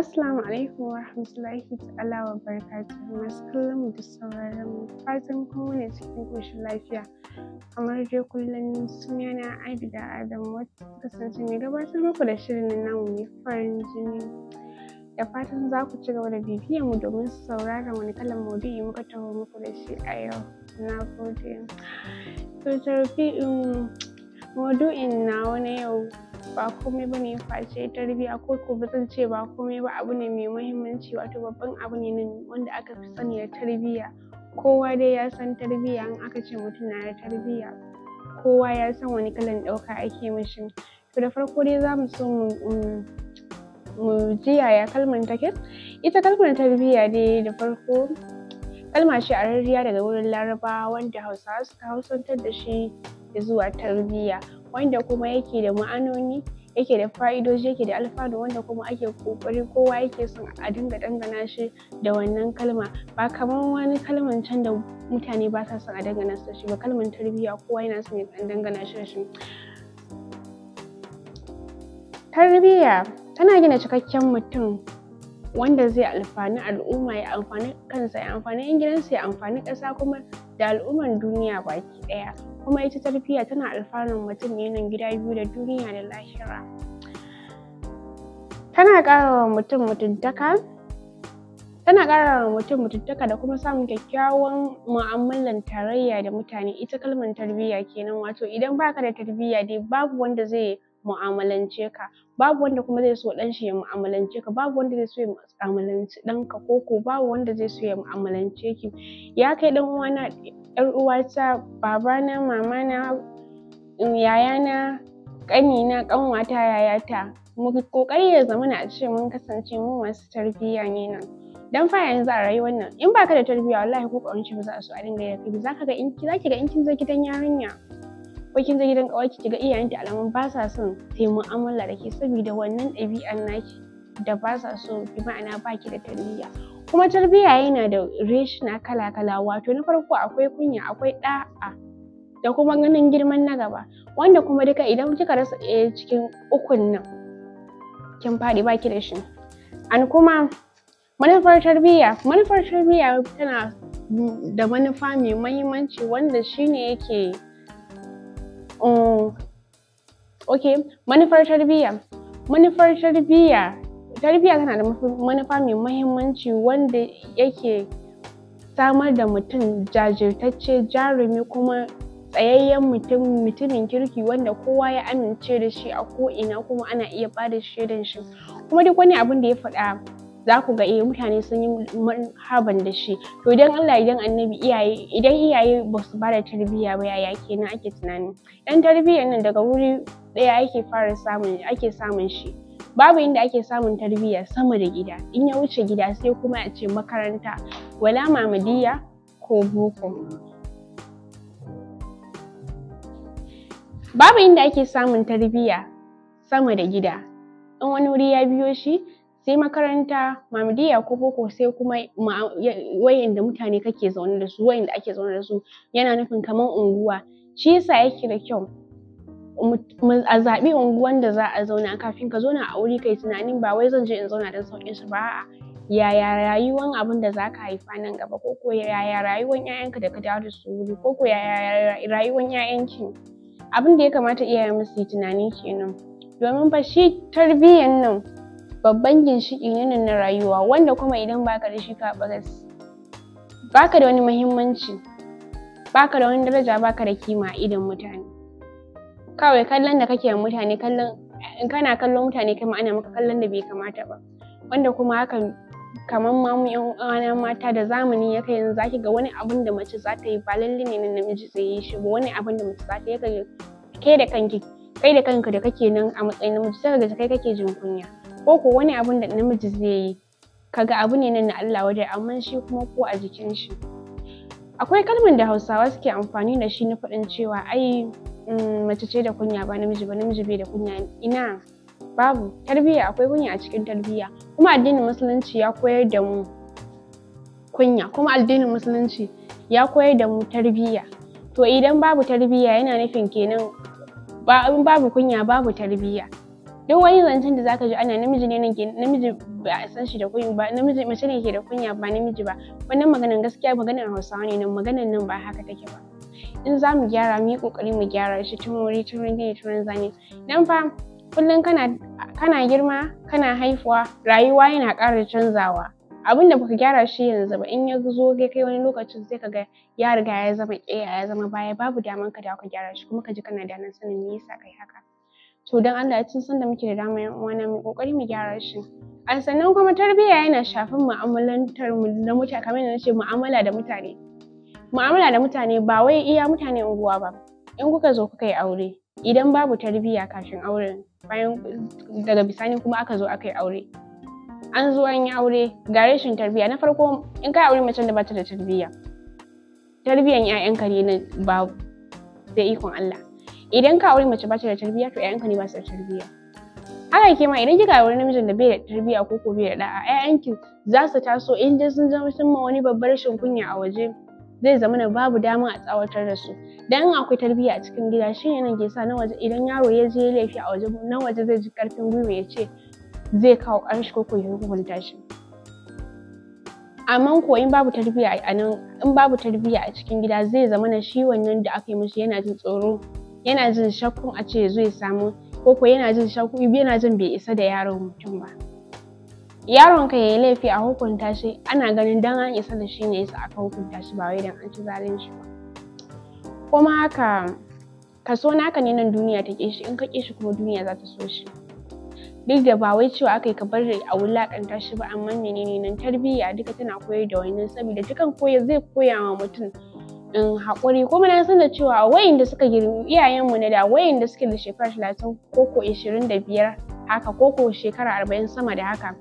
Assalamu alaikum wa rahmatullahi ta'ala wa barakatuhu masu kallon mu da sauraron mu fatan kuma ne cikin ƙoshin lafiya kamar dai kullum sunana Abida Adam wata kasance mai gabatar muku da shirin namu mai farin jini da fatan za ku ci gaba da bibiyar mu domin su sauraron wani kalan maudu'i muka taho muku da shi a yau na gode to maudu'in nawa na yau ba komai ba ne face tarbiyya ko ko zan ce ba komai ba abu ne mai muhimmanci wato babban abu ne wanda aka fi sani da tarbiyya kowa dai ya san tarbiyya in aka ce mutum na da tarbiyya kowa ya san wani kalan ɗauka ake mishi to da farko dai za mu so mu ji yaya kalmar take ita kalmar tarbiyya dai da farko kalma ce a rarriya daga wurin Laraba, wanda hausawa suka hausantar da shi zuwa tarbiyya wanda kuma yake da ma'anoni yake da fa'idoji yake da alfanu wanda kuma ake kokari kowa yake son a dinga dangana shi da wannan kalma ba kamar wani kalman can da mutane ba sa son a dangana su shi ba kalman tarbiyya kowa yana son ya dangana shi shi tarbiyya tana gina cikakken mutum wanda zai alfani al'umma ya amfani kansa ya amfani 'yan gidansa ya amfani ƙasa kuma da al'umman duniya baki ɗaya kuma ita tarbiyya tana alfanun mutum ne nan gida biyu da duniya da lahira tana ƙara wa mutum mutuntaka tana ƙarawa mutum mutuntaka da kuma samun kyakkyawan mu'amalan tarayya da mutane ita kalmar tarbiyya kenan wato idan baka da tarbiyya dai babu wanda zai mu'amalance ka babu wanda kuma zai so ɗan shi ya mu'amalance ka babu wanda zai so ya mu'amalance ɗanka ko ko babu wanda zai so ya mu'amalance ki ya kai ɗan uwana ƴar uwata babana mamana mm, yayana ƙanina ƙanwata yayata mu ƙoƙari ya na a ce mun kasance mu masu tarbiyya ne nan dan fa yanzu a rayuwar nan in baka da tarbiyya wallahi ko ƙaunci ba za a so a dinga yi ba za ka ga in za ki ga in kin zo gidan yarinya bakin zai gidan kawai kiga ga iyayenta alamun ba sa son sai yi mu'amala da ke saboda wannan ɗabi'ar naki da ba sa so bi ma'ana ba ki da tarbiyya kuma tarbiyya yana da na kala kala wato na farko akwai kunya akwai ɗa'a da kuma ganin girman na gaba wanda kuma duka idan kika rasa ɗaya cikin ukun nan kin faɗi ba ki da shi an kuma manufar tarbiyya manufar tarbiyya tana da manufa mai mahimmanci wanda shine yake Oh. ok manufar tarbiyya manufar tarbiyya tarbiyya tana da manufa mai mahimmanci wanda yake samar da mutum jajirtacce jarumi kuma tsayayyen mutum mutumin kirki wanda kowa ya amince da shi a ko'ina kuma ana iya bada shaidan shi kuma duk wani abin da ya faɗa za ku ga eh mutane sun yi harban da shi to idan Allah idan annabi iyaye idan iyaye ba su ba da tarbiyya ba yaya kenan ake tunani dan tarbiyyar nan daga wuri daya ake fara samun ake samun shi babu inda ake samun tarbiyya sama da gida in ya wuce gida sai kuma a ce makaranta wala mamadiya ko boko babu inda ake samun tarbiyya sama da gida in wani wuri ya biyo shi sai makaranta mamadiya ko boko sai kuma da mutane kake zaune da su da ake zaune da su yana nufin kamar unguwa shi yasa yake da kyau a zaɓi unguwan da za a zauna kafin ka zauna a wuri kai tunanin ba wai zan je in zauna don sauƙin su ba a'a yaya rayuwan abin da zaka haifa nan gaba ko ko yaya rayuwan ƴaƴanka da ka dawo da su wuri ko ko yaya rayuwan ƴaƴanki abin da ya kamata iyaye musu yi tunani kenan domin fa shi tarbiyyan nan babban ginshiƙi ne na rayuwa wanda kuma idan baka da shi ka baras baka da wani muhimmanci baka da wani daraja baka da kima a idon mutane kawai kallon da kake mutane kallon in kana kallon mutane kai ana maka kallon da bai kamata ba wanda kuma hakan kamar ma mu yan uwana mata da zamani ya kai yanzu zaki ga wani abin da mace za ta yi ba lalle ne na namiji zai yi shi ba wani abin da mace za ta yi kai da kanki kai da kanka da kake nan a matsayin namiji sai ga kai kake jin kunya ko ko wani abun da namiji zai yi kaga abu ne nan na Allah waje amma shi kuma ko a jikin shi akwai kalmar da Hausawa suke amfani da shi na faɗin cewa ai mm, mace ce da kunya ba namiji ba namiji bai da kunya ina babu tarbiyya akwai kunya a cikin tarbiyya kuma addinin musulunci ya koyar da mu kunya kuma addinin musulunci ya koyar da mu tarbiyya to idan babu tarbiyya yana nufin kenan ba babu kunya babu tarbiyya duk wani zancen da zaka ji ana namiji ne ke namiji ba a san shi da kunya ba namiji mace ne ke da kunya ba namiji ba wannan maganan gaskiya maganar hausawa ne nan maganan nan ba haka take ba in za mu gyara mu yi kokari mu gyara shi tun wuri tun gini tun zane dan fa kullum kana girma kana haifuwa rayuwa yana ƙara canzawa abin da baka gyara shi yanzu ba in ya zo kai kai wani lokacin sai ga ya riga ya zama ƙeya ya zama baya babu daman ka da ka gyara shi kuma ka ji kana da nan sanin me yasa kai haka to don Allah tun san da muke da dama yan uwana mu kokari mu gyara shi a sannan kuma tarbiyya yana shafin mu'amalantar mu da mutane kamar yadda nace mu'amala da mutane mu'amala da mutane ba wai iya mutane unguwa ba in kuka zo kuka yi aure idan babu tarbiyya kafin auren bayan daga bisani kuma aka zo aka yi aure an zo an yi aure ga rashin tarbiyya na farko in ka aure macen da bata da tarbiyya tarbiyyan 'ya'yanka ne babu da ikon Allah idan ka aure mace ba da tarbiyya to ƴaƴanka ne ba su da tarbiyya haka ke ma idan kika aure namijin da bai da tarbiyya ko ko bai da da'a ƴaƴanki za su taso in dai sun zama sun ma wani babbar rashin kunya a waje zai zama na babu dama a tsawatar da su dan in akwai tarbiyya a cikin gida ne nan ke sa na waje idan yaro ya je laifi a waje na waje zai ji karfin gwiwa ya ce zai kawo ƙarshe ko ko ya hukunta shi amma ko in babu tarbiyya a nan in babu tarbiyya a cikin gida zai zama na shi wannan da aka yi mishi yana jin tsoro yana jin shakkun a ce zai samu ko ko yana jin shakku yana jin bai isa da yaron mutum ba yaron ka yayi laifi a hukunta shi ana ganin dan an isa da shi ne yasa aka hukunta shi ba wai dan an ci zalunci ba kuma haka kaso naka ne nan duniya ta ƙi shi in ka ƙi shi kuma duniya za ta so shi duk da ba wai cewa aka yi ka bar a wulaƙanta shi ba amma menene nan tarbiyya duka tana koyar da wannan saboda dukan koyar zai koya wa mutum in haƙuri kuma na san da cewa da suka girmi iyayenmu na da wa'inda suke da shekara talatin ko ishirin da biyar haka ko shekara arba'in sama da haka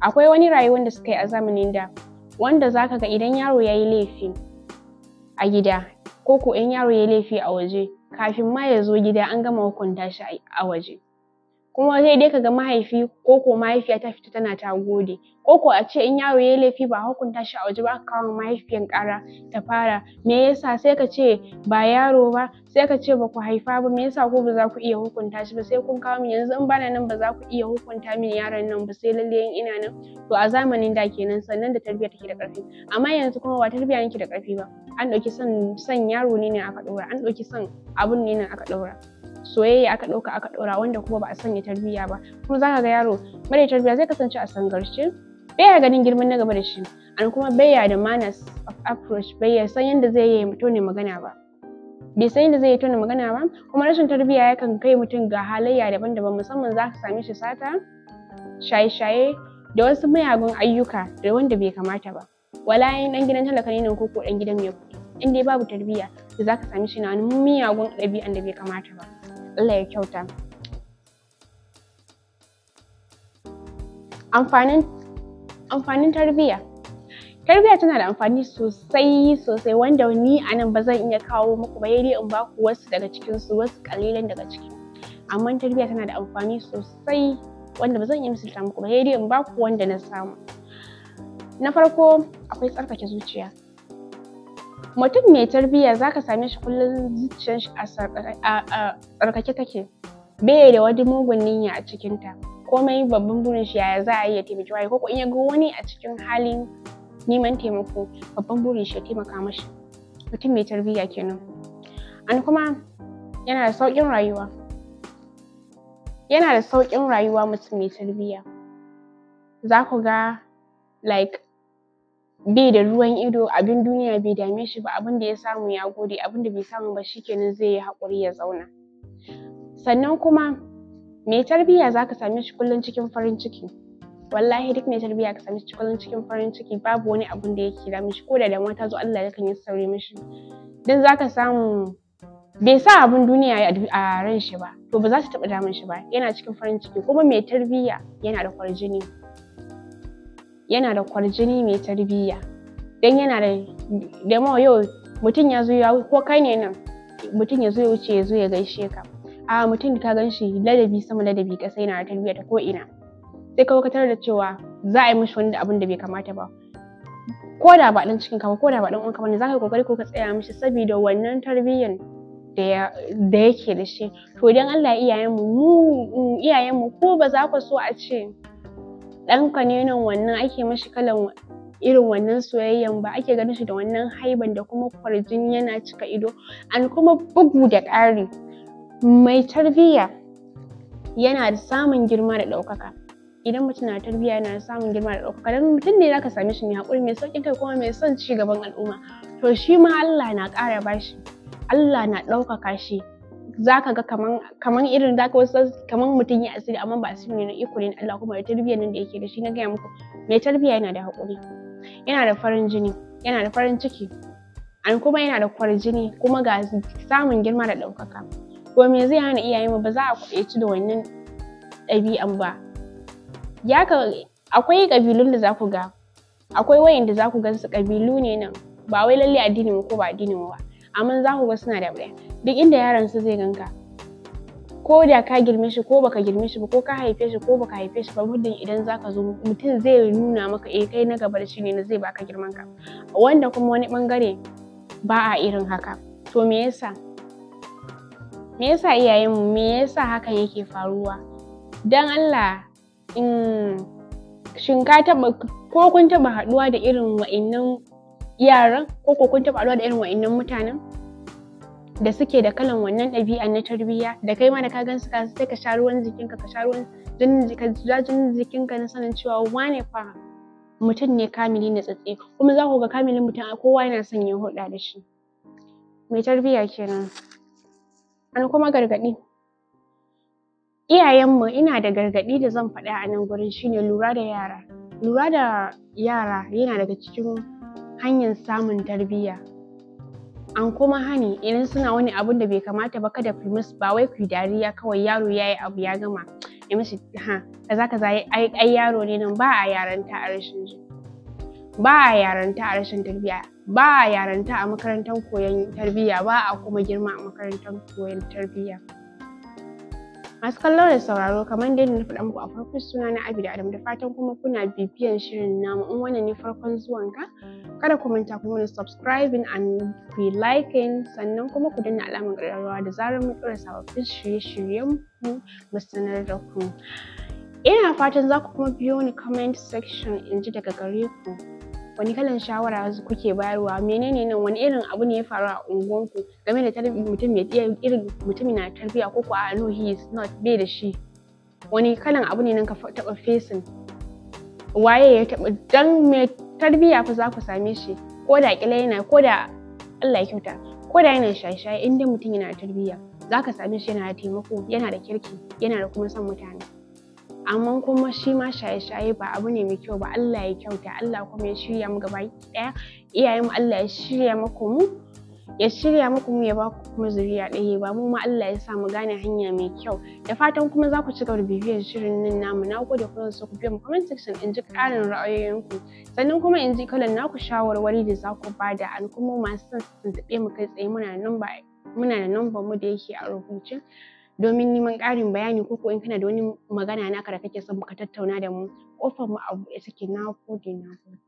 akwai wani rayuwar da suka yi a zamanin da wanda zaka ga idan yaro ya yi laifi a gida ko in yaro ya yi laifi a waje kafin ma ya zo gida an gama hukunta shi a waje kuma sai dai ka ga mahaifi koko mahaifiya ta fita tana ta gode ko ko a ce in yaro ya laifi ba a hukunta shi a waje ba aka kawo mahaifiyan ƙara ta fara me yasa sai ka ce ba yaro ba sai ka ce ba ku haifa ba me yasa ko ba za ku iya hukunta shi ba sai kun kawo min yanzu in bana nan ba za ku iya hukunta min yaron nan ba sai lalle in ina nan to a zamanin da kenan sannan da tarbiyya take da ƙarfi amma yanzu kuma ba tarbiyya yake da ƙarfi ba an ɗauki son son yaro ne ne aka ɗaura. an ɗauki son abun ne ne aka ɗaura. soyayya aka ɗauka aka ɗaura, wanda kuma ba a sanya tarbiyya ba kuma zaka ga yaro mara tarbiyya zai kasance a sangarce baya ganin girman na gaba da shi an kuma baya da manners of approach bai san yadda zai yi tone magana ba bai san yadda zai yi tone magana ba kuma rashin tarbiyya yakan kai mutum ga halayya daban-daban musamman za ka same shi sata shaye-shaye da wasu mayagun ayyuka da wanda bai kamata ba wala yin dan gidan talaka ne ko ko dan gidan mai kuɗi in dai babu tarbiyya da za ka same shi na wani miyagun ɗabi'an da bai kamata ba Allah ya kyauta amfanin amfanin tarbiyya tarbiyya tana da amfani sosai sosai wanda ni a nan ba zan iya kawo muku ba dai in baku wasu daga cikin su wasu kalilan daga ciki amma tarbiyya tana da amfani sosai wanda ba zan iya misalta muku ba dai in baku wanda na samu na farko akwai tsarkake zuciya mutum mai tarbiyya ka same shi kullum zuciyar shi a tsarkake take bai da wani mugun niyya a cikinta komai babban burin shi yaya za a iya taimaki wani ko in ya ga wani a cikin halin neman taimako babban burin shi ya taimaka mashi mutum mai tarbiyya kenan an kuma yana da sauƙin rayuwa yana da sauƙin rayuwa mutum mai tarbiyya za ku ga like bai da ruwan ido abin duniya bai dame shi ba abin da ya samu ya gode abin da bai samu ba shikenan zai yi haƙuri ya zauna sannan kuma mai tarbiyya zaka same shi kullum cikin farin ciki wallahi duk mai tarbiyya ka same shi kullum cikin farin ciki babu wani abun da yake da mishi ko da damuwa ta zo Allah kan yi sauri mishi dan zaka samu bai sa abun duniya a ran shi ba to ba za su taɓa damun shi ba yana cikin farin ciki kuma mai tarbiyya yana da kwarjini yana da kwarjini mai tarbiyya dan yana da da yau mutum ya zo ya ko kai ne nan mutum ya zo ya wuce ya zo ya gaishe ka a mutum da ka gan shi ladabi sama ladabi ƙasa yana tarbiyya ta ko ina sai ka wakatar da cewa za a yi mishi wani abin da bai kamata ba ko da ba ɗan cikin kama ko da ba ɗan uwanka ne za ka kokari ko ka tsaya mishi saboda wannan tarbiyyan da yake da shi to idan Allah iyayen mu mm, mu ko ba za ku so a ce ka ne nan wannan ake mashi kalan irin wannan soyayyan ba ake ganin shi da wannan haiban da kuma kwarjin yana cika ido an kuma bugu da ƙari mai tarbiyya yana da samun girma da ɗaukaka idan mutum na tarbiyya yana samun girma da ɗaukaka don mutum ne zaka same shi mai haƙuri mai sauƙin kai kuma mai son ci gaban al'umma to shi ma Allah na ƙara bashi Allah na ɗaukaka shi zaka ga kaman kaman irin zaka wasu kaman mutum ya asiri amma ba asiri ne na iko ne Allah kuma da tarbiyyar nan da yake da shi na gaya muku mai tarbiyya yana da haƙuri yana da farin jini yana da farin ciki an kuma yana da kwarjini kuma ga samun girma da ɗaukaka ko me zai hana iyayen ba za a kwaɗayi da wannan ɗabi'an ba ya ka akwai ƙabilun da za ku ga akwai da za ku gansu ƙabilu ne nan ba wai lalle addinin mu ko ba addini mu ba amma za ku ga suna da ɗaya duk inda yaron su zai ganka ko da ka girme shi ko baka girme shi ba ko ka haife shi ko baka haife shi ba muddin idan za ka zo mutum zai nuna maka eh kai na gaba da shi ne na zai baka girman ka wanda kuma wani bangare ba a irin haka to me yasa me yasa iyayenmu me yasa hakan yake faruwa don Allah in shin ka taba ko kun taba haduwa da irin wa'annan yaran ko ko kun taba haduwa da irin wa'annan mutanen da suke da kalan wannan ɗabi'a na tarbiyya da kai ma da ka gan su ka sai ka sha ruwan jikinka ka sha ruwan jinin jikinka na sanin cewa wane fa mutum ne kamili na tsatsi kuma za ku ga kamilin mutum kowa yana son ya hulɗa da shi mai tarbiyya kenan an kuma gargaɗi iyayenmu ina da gargaɗi da zan faɗa a nan gurin shine lura da yara lura da yara yana daga cikin hanyar samun tarbiyya an kuma hani idan suna wani abun da bai kamata ba kada ku musu ba wai ku dariya kawai yaro ya yi abu ya gama ya mishi ha kaza kaza ai yaro ne nan ba a yaranta a rashin jin. ba a yaranta a rashin tarbiyya ba a yaranta a makarantar koyon tarbiyya ba a kuma girma a makarantar koyon tarbiyya masu kallo da sauraro kamar dai na faɗa muku a farkon suna na abi da adam da fatan kuma kuna bibiyan shirin namu in wannan ne farkon zuwan ka kada ku manta ku mana subscribing and ku liking sannan kuma ku danna alamar ƙararrawa da zarar mun ɗora sababbin shirye-shiryen mu mu sanar da ku ina fatan za ku kuma biyo ni comment section in ji daga gare ku wani kalan shawara kuke bayarwa menene nan wani irin abu ne ya faru a unguwanku game da mutum mutum na tarbiyya ko kuwa no he is not be da shi wani kalan abu ne nan ka taba facing waye ya taba dan mai tarbiyya fa za ku same shi ko da kila yana ko da Allah ya kyauta ko da yana shaye-shaye in mutum yana tarbiyya za ka same shi yana da taimako yana da kirki yana da kuma son mutane amma kuma shi ma shaye-shaye ba abu ne mai kyau ba Allah ya kyauta Allah kuma ya shirya mu gaba ɗaya iyaye mu Allah ya shirya muku mu ya shirya muku mu ya ba ku kuma zuriya ɗaya ba mu ma Allah ya sa mu gane hanya mai kyau da fatan kuma za ku ci gaba da bibiyar shirin nan namu na gode kuma ku biya mu comment section in ji ƙarin ra'ayoyinku sannan kuma in ji kalan naku shawarwari da za ku ba da al'umma masu son su tuntuɓe mu kai tsaye muna nan ba muna da numban mu da yake a rubuce domin neman ƙarin bayani ko ko in kana da wani magana naka da kake son ka tattauna da mu ƙofar mu a buɗe take na gode na gode